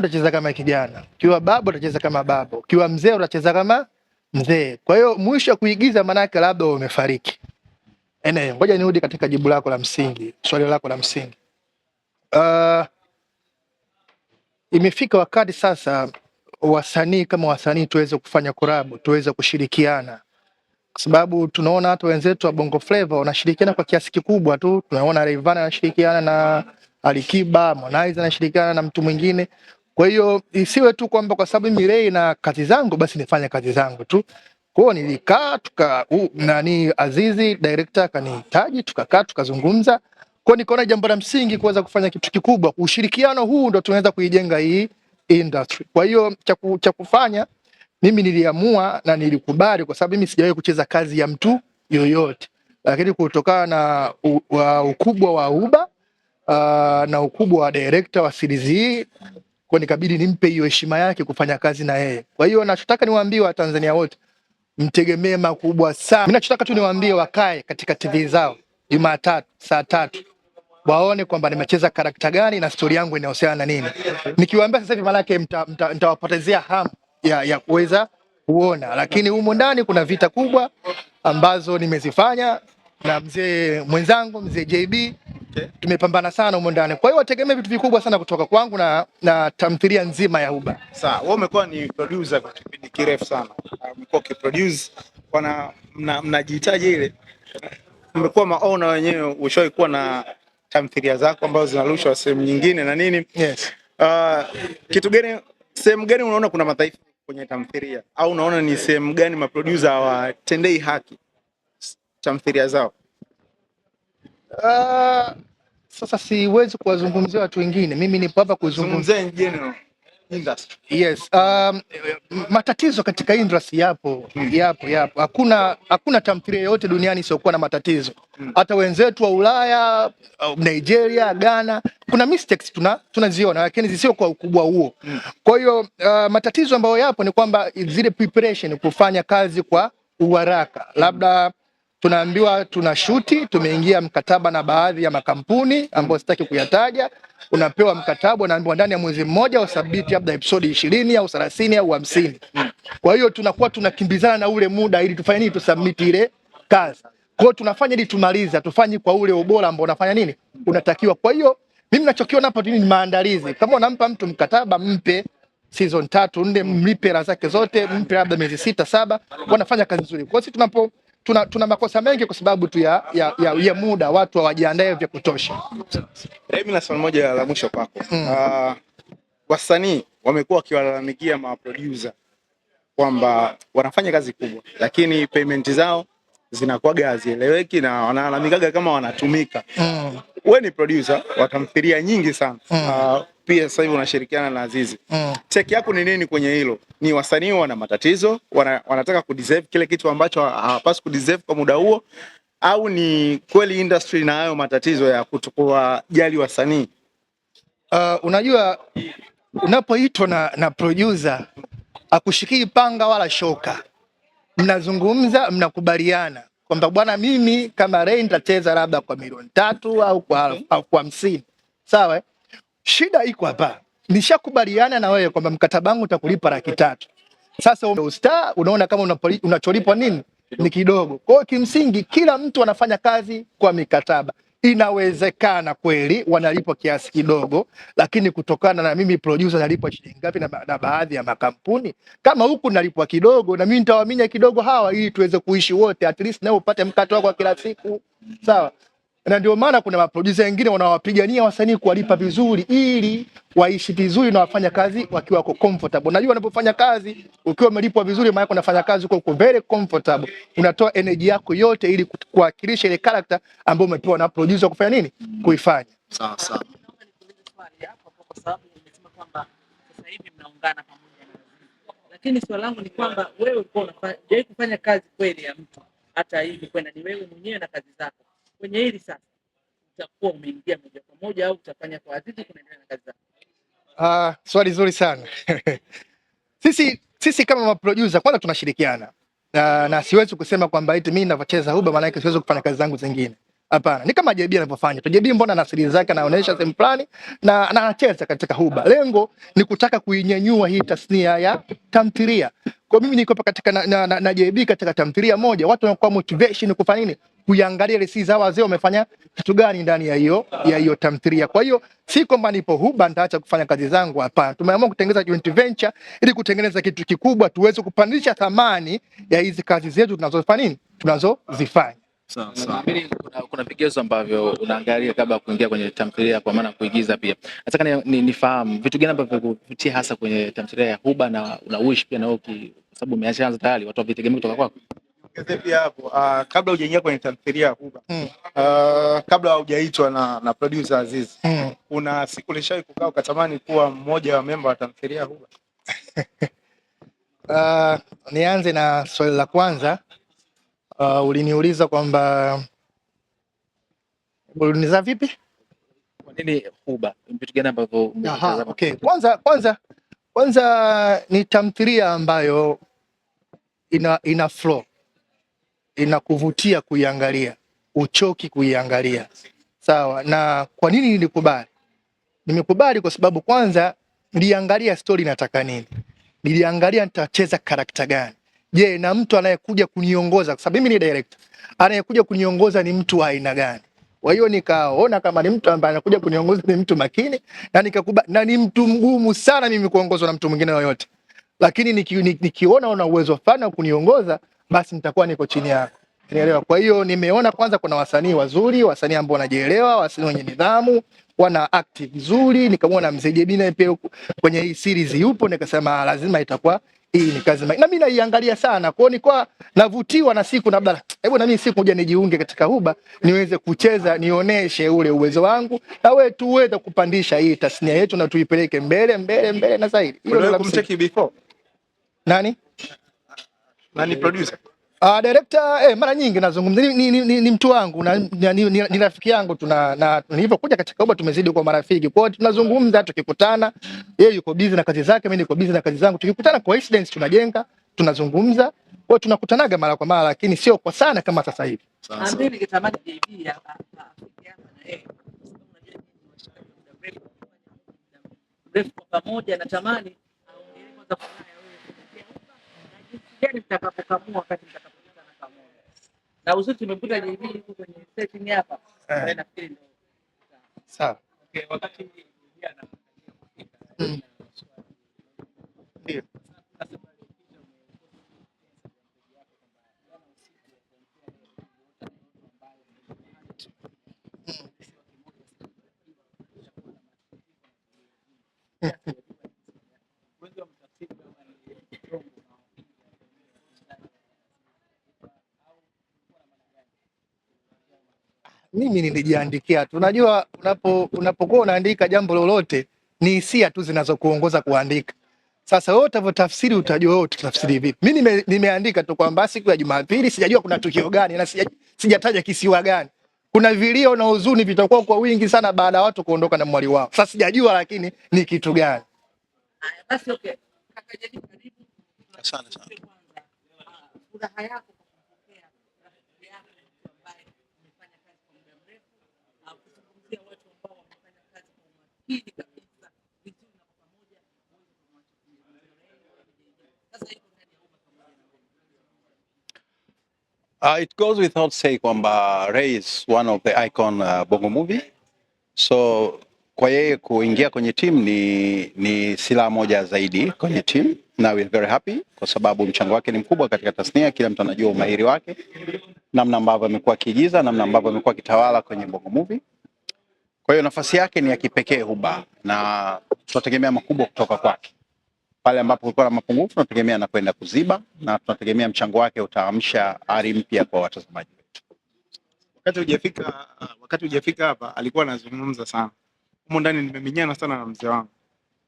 kijana utacheza kama kijana, ukiwa baba utacheza kama baba, ukiwa mzee utacheza kama mzee. Kwa hiyo mwisho wa kuigiza yake labda umefariki. Ene, ngoja nirudi katika jibu lako la msingi, swali lako la msingi. Uh, imefika wakati sasa wasanii kama wasanii tuweze kufanya korabu, tuweze kushirikiana kwa sababu tunaona hata wenzetu wa Bongo Flava wanashirikiana kwa kiasi kikubwa tu. Tunaona Rayvanny anashirikiana na Alikiba, Harmonize anashirikiana na mtu mwingine. Kwa hiyo isiwe tu kwamba kwa sababu mimi Rei na kazi zangu basi nifanye kazi zangu tu. Kwa hiyo nilikaa tuka uh, nani Azizi director akanihitaji, tukakaa tukazungumza. Kwa hiyo nikaona jambo la msingi kuweza kufanya kitu kikubwa, ushirikiano huu ndio tunaweza kuijenga hii industry. Kwa hiyo cha kufanya mimi niliamua na nilikubali, kwa sababu mimi sijawahi kucheza kazi ya mtu yoyote, lakini kutokana na u, wa ukubwa wa Uba uh, na ukubwa wa director wa series hii kwa nikabidi nimpe hiyo heshima yake kufanya kazi na yeye. Kwa hiyo nachotaka niwaambie Watanzania wote mtegemee makubwa sana. Mimi nachotaka tu niwaambie wakae katika TV zao Jumatatu saa tatu waone kwamba nimecheza karakta gani na stori yangu inahusiana na nini. Nikiwaambia sasa hivi maanake mtawapotezea mta, mta hamu ya, ya kuweza kuona, lakini humo ndani kuna vita kubwa ambazo nimezifanya na mzee mwenzangu mzee JB okay. tumepambana sana humo ndani. Kwa hiyo wategemee vitu vikubwa sana kutoka kwangu na, na tamthilia nzima ya Uba. Sawa, wewe umekuwa ni producer kwa kipindi kirefu sana, ah, umekuwa ukiproduce wana mnajihitaji mna ile, mmekuwa maona wenyewe, ushawahi kuwa na tamthilia zako ambazo zinarushwa sehemu nyingine na nini? Yes. Uh, kitu gani, sehemu gani unaona kuna madhaifu kwenye tamthilia au unaona ni sehemu gani maproducer hawatendei haki tamthilia zao? Uh, sasa siwezi kuwazungumzia watu wengine, mimi nipo hapa kuzungumzia in general industry. Yes, um, matatizo katika industry yapo, mm. yapo yapo. Hakuna hakuna tamthilia yoyote duniani isiyokuwa na matatizo mm. hata wenzetu wa Ulaya, Nigeria, Ghana kuna mistakes tuna tunaziona, lakini zisio kwa ukubwa huo mm. kwa hiyo uh, matatizo ambayo yapo ni kwamba zile preparation, kufanya kazi kwa uharaka labda mm tunaambiwa tuna shuti, tumeingia mkataba na baadhi ya makampuni ambayo sitaki kuyataja. Unapewa mkataba, unaambiwa ndani ya mwezi mmoja usabiti labda episodi ishirini au thelathini au hamsini. Kwa hiyo tunakuwa tunakimbizana na ule muda ili tufanye nini? tusubmit ile kazi. Kwa hiyo tunafanya ili tumalize, tufanye kwa ule ubora ambao unafanya nini, unatakiwa. Kwa hiyo mimi nachokiona hapa ni maandalizi. Kama unampa mtu mkataba, mpe season tatu nne, mlipe hela zake zote, mpe labda miezi sita saba, wanafanya kazi nzuri. Kwa hiyo sisi tunapo tuna, tuna makosa mengi kwa sababu tu ya, ya, ya, ya muda, watu hawajiandae vya kutosha. Eh, mimi na swali moja la mwisho kwako. mm. Uh, wasanii wamekuwa wakiwalalamikia maproducer kwamba wanafanya kazi kubwa, lakini payment zao zinakuwaga hazieleweki na wanalalamikaga kama wanatumika. mm. We ni producer wa tamthilia nyingi sana mm. uh, pia sasa hivi unashirikiana na Azizi mm. Cheki yako ni nini kwenye hilo? Ni wasanii wana matatizo, wana, wanataka kudeserve kile kitu ambacho hawapaswi kudeserve kwa muda huo, au ni kweli industry na hayo matatizo ya jali wasanii? Uh, unajua unapoitwa na, na producer akushikii panga wala shoka, mnazungumza mnakubaliana kwamba bwana, mimi kama Rain nitacheza labda kwa milioni tatu au kwa, au kwa hamsini sawa eh? Shida iko hapa, nishakubaliana na wewe kwamba mkataba wangu utakulipa laki tatu. Sasa usta, unaona kama unacholipwa nini ni kidogo. Kwa hiyo kimsingi, kila mtu anafanya kazi kwa mikataba. Inawezekana kweli wanalipwa kiasi kidogo, lakini kutokana na mimi producer nalipwa shilingi ngapi na, na baadhi ya makampuni kama huku nalipwa kidogo, na mimi nitawaminya kidogo hawa, ili tuweze kuishi wote, at least nao upate mkato wako kila siku, sawa na ndio maana kuna maprodusa wengine wanawapigania wasanii kuwalipa vizuri ili waishi vizuri na wafanya kazi wakiwa wako comfortable. Unajua, unapofanya kazi ukiwa umelipwa vizuri, maana unafanya kazi uko very comfortable, unatoa energy yako yote ili kuwakilisha ile character ambayo umepewa na producer kufanya nini, kuifanya sawa sawa. Lakini swali langu ni kwamba wewe uko unafanya kazi kweli ya mtu, hata hivi kwenda ni wewe mwenyewe na kazi zako kwenye hili sasa utakuwa umeingia moja kwa moja au utafanya kwa Azizi kunaendelea na kazi zako? Ah, swali zuri sana. Sisi sisi kama maproducer kwanza tunashirikiana. Na, na siwezi kusema kwamba eti mimi ninavyocheza huba maana yake siwezi kufanya kazi zangu zingine. Hapana, ni kama JB anavyofanya. tu. JB mbona na asili zake anaonyesha sehemu fulani na anacheza katika huba. Lengo ni kutaka kuinyanyua hii tasnia ya tamthilia. Kwa mimi niko katika na, na, na, na JB katika tamthilia moja, watu wanakuwa motivation kufanya nini? kuiangalia ile za wazee wamefanya kitu gani ndani ya hiyo ya hiyo tamthilia. Kwa hiyo si kwamba nipo huba nitaacha kufanya kazi zangu, hapana. Tumeamua kutengeneza joint venture ili kutengeneza kitu kikubwa, tuweze kupandisha thamani ya hizi kazi zetu tunazofanya nini, tunazozifanya. Sawa sawa. kuna, kuna vigezo ambavyo unaangalia kabla ya kuingia kwenye tamthilia kwa maana kuigiza pia. Nataka nifahamu ni, ni vitu gani ambavyo vinakuvutia hasa kwenye tamthilia ya Huba na una wish pia na wewe kwa sababu umeanza tayari watu wavitegemea kutoka kwako niongezee pia hapo uh, kabla hujaingia kwenye tamthilia kubwa mm. uh, ah, kabla hujaitwa na, na producer Aziz mm. una siku ulishawahi kukaa ukatamani kuwa mmoja wa memba wa tamthilia kubwa? Uh, ah, nianze na swali la kwanza. Uh, uliniuliza kwamba uliniza vipi, kwa nini Huba, vitu gani ambavyo okay. Kwanza kwanza kwanza ni tamthilia ambayo ina, ina flow inakuvutia kuiangalia, uchoki kuiangalia. Sawa. Na kwa nini nilikubali? Nimekubali kwa sababu kwanza niliangalia stori nataka nini, niliangalia nitacheza karakta gani. Je, na mtu anayekuja kuniongoza, kwa sababu mimi ni director, anayekuja kuniongoza ni mtu wa aina gani? Kwa hiyo nikaona kama ni mtu ambaye anakuja kuniongoza ni mtu makini, na nikakuba, Na ni mtu mgumu sana mimi kuongozwa na mtu mwingine yoyote, lakini nikiona niki, niki una uwezo fulani wa kuniongoza basi nitakuwa niko chini yako. Unielewa? Kwa hiyo nimeona kwanza kuna wasanii wazuri, wasanii ambao wanajielewa, wasanii wenye nidhamu, wana act vizuri. Nikamwona Mzee Jebina pia kwenye hii series yupo, nikasema ah, lazima itakuwa hii ni kazi na mimi naiangalia sana. Kwa hiyo nilikuwa navutiwa na siku na labda, hebu na mimi siku moja nijiunge katika huba niweze kucheza, nioneshe ule uwezo wangu na wewe tuweze kupandisha hii tasnia yetu na tuipeleke mbele mbele mbele na zaidi. Hilo ndio kumcheki before. Nani? na ni producer Uh, director eh, mara nyingi nazungumza ni, ni, ni, ni mtu wangu na, ni, ni, ni rafiki yangu tuna na nilipokuja katika Uba tumezidi kuwa marafiki. Kwa hiyo tunazungumza tukikutana, yeye yuko busy na kazi zake, mimi niko busy na kazi zangu. Tukikutana incidents tunajenga, tunazungumza. Kwa hiyo tunakutanaga mara kwa mara lakini sio kwa sana kama sasa hivi gani mtakapokamua wakati na pamoja. Na uzuri tumekuta JB huko kwenye station hapa. Eh. Nafikiri ndio. Sawa. Okay, wakati mimi nilijiandikia tu. Unajua, unapo unapokuwa unaandika jambo lolote, ni hisia tu zinazokuongoza kuandika. Sasa wewe utavyotafsiri, utajua wewe utatafsiri vipi. Mimi nimeandika tu kwamba siku ya Jumapili sijajua kuna tukio gani na sijataja kisiwa gani. Kuna vilio na huzuni vitakuwa kwa wingi sana baada ya watu kuondoka na mwali wao. Sasa sijajua lakini ni kitu gani. Haya Basi okay. Kaka jadi Asante sana. Furaha yako akili kabisa vizuri na kwa pamoja uweze kumwacha sasa iko Uh, it goes without saying kwamba Ray is one of the icon uh, Bongo movie. So kwa yeye kuingia kwenye team ni, ni silaha moja zaidi kwenye team na we are very happy kwa sababu mchango wake ni mkubwa katika tasnia. Kila mtu anajua umahiri wake, namna ambavyo amekuwa akiigiza, namna ambavyo amekuwa akitawala kwenye Bongo movie. Kwa hiyo nafasi yake ni ya kipekee Huba, na tunategemea makubwa kutoka kwake. Pale ambapo kulikuwa na mapungufu, tunategemea anakwenda kuziba na tunategemea mchango wake utaamsha ari mpya kwa watazamaji wetu. Wakati hujafika wakati hujafika hapa, alikuwa anazungumza sana humo ndani, nimeminyana sana na mzee wangu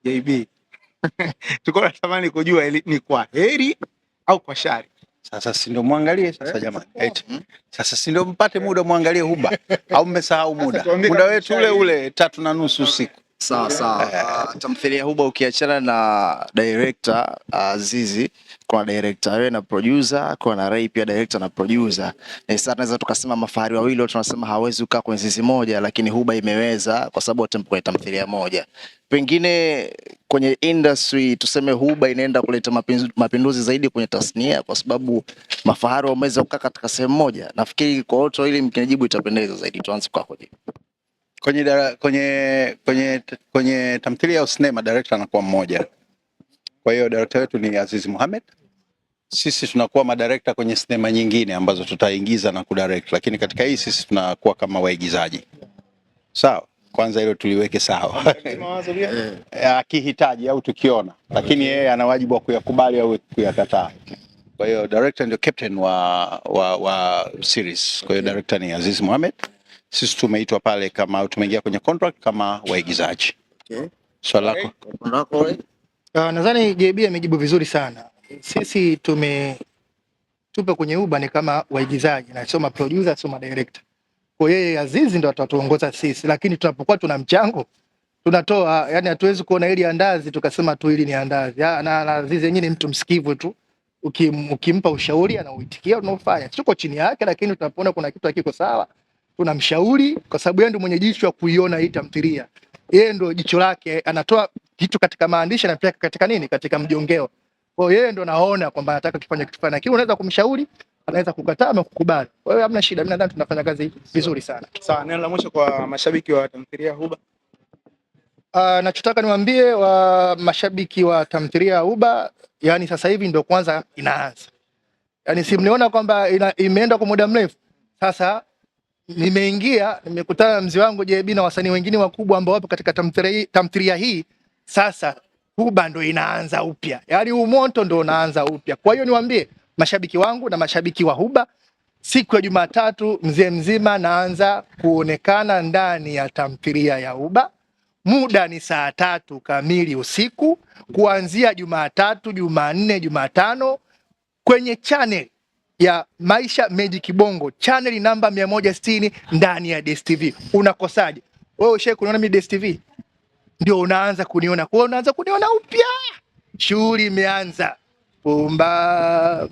JB tulikuwa natamani kujua ni kwa heri au kwa shari. Sasa si ndio mwangalie sasa eh, jamani. Eti. Hmm? Sasa si ndio mpate muda mwangalie huba au mmesahau muda? Muda wetu ule ule tatu na nusu usiku. Sawa sawa. Uh, tamthilia Huba ukiachana na director ah, Azizi, uh, kuna director wewe na producer, kuna Ray pia director na producer. Na eh, sasa tunaweza tukasema mafahari wawili wote tunasema hawezi kukaa kwenye zizi moja, lakini Huba imeweza kwa sababu wote mko kwenye tamthilia moja. Pengine kwenye industry tuseme Huba inaenda kuleta mapinduzi, zaidi kwenye tasnia kwa sababu mafahari wameweza kukaa katika sehemu moja. Nafikiri kwa wote ili mkinijibu itapendeza zaidi. Tuanze kwako kwenye, dara, kwenye kwenye kwenye tamthilia au sinema director anakuwa mmoja. Kwa hiyo director wetu ni Aziz Mohamed. Sisi tunakuwa madirector kwenye sinema nyingine ambazo tutaingiza na kudirect, lakini katika hii sisi tunakuwa kama waigizaji. Sawa, kwanza hilo tuliweke sawa. Eh, akihitaji au tukiona, lakini yeye ana wajibu wa kuyakubali au kuyakataa. Kwa hiyo director ndio captain wa wa, wa series. Kwa hiyo director ni Aziz Mohamed sisi tumeitwa pale kama tumeingia kwenye contract kama waigizaji. Okay. Swali lako. Okay. Uh, nadhani JB amejibu vizuri sana. Sisi tume tupe kwenye Uba ni kama waigizaji na sio producer, sio director. Kwa yeye Azizi ndo atatuongoza sisi, lakini tunapokuwa tuna mchango tunatoa, yani hatuwezi kuona hili andazi tukasema tu ili ni andazi. Ya, ah, na, na Aziz yenyewe ni mtu msikivu tu. Ukim, ukimpa ushauri anauitikia unaofanya. Tuko chini yake, lakini tunapoona kuna kitu hakiko sawa tunamshauri kwa sababu yeye ndio mwenye jicho la kuiona hii tamthilia. Yeye ndio jicho lake, anatoa kitu katika maandishi na pia katika nini, katika mjongeo. Kwa hiyo yeye ndio naona kwamba anataka kufanya kitu fulani, lakini unaweza kumshauri, anaweza kukataa au kukubali. Kwa hiyo hamna shida, mimi nadhani tunafanya kazi vizuri sana. Sawa, neno la mwisho kwa mashabiki wa tamthilia Huba. Uh, ah, nachotaka niwaambie wa mashabiki wa tamthilia ya Huba, yani sasa hivi ndio kwanza inaanza, yani si mniona kwamba imeenda kwa muda mrefu sasa nimeingia nimekutana na mzee wangu JB na wasanii wengine wakubwa ambao wapo katika tamthilia hii. Sasa huba ndo inaanza upya, yaani huu moto ndo unaanza upya. Kwa hiyo niwaambie mashabiki wangu na mashabiki wa huba, siku ya Jumatatu mzee mzima naanza kuonekana ndani ya tamthilia ya huba. Muda ni saa tatu kamili usiku kuanzia Jumatatu, Jumanne, Jumatano kwenye channel ya Maisha Magic Bongo channel namba 160 ndani ya DStv. Unakosaje wewe? Ushe kuniona mimi DStv, ndio unaanza kuniona kwa, unaanza kuniona upya, shughuli imeanza pumba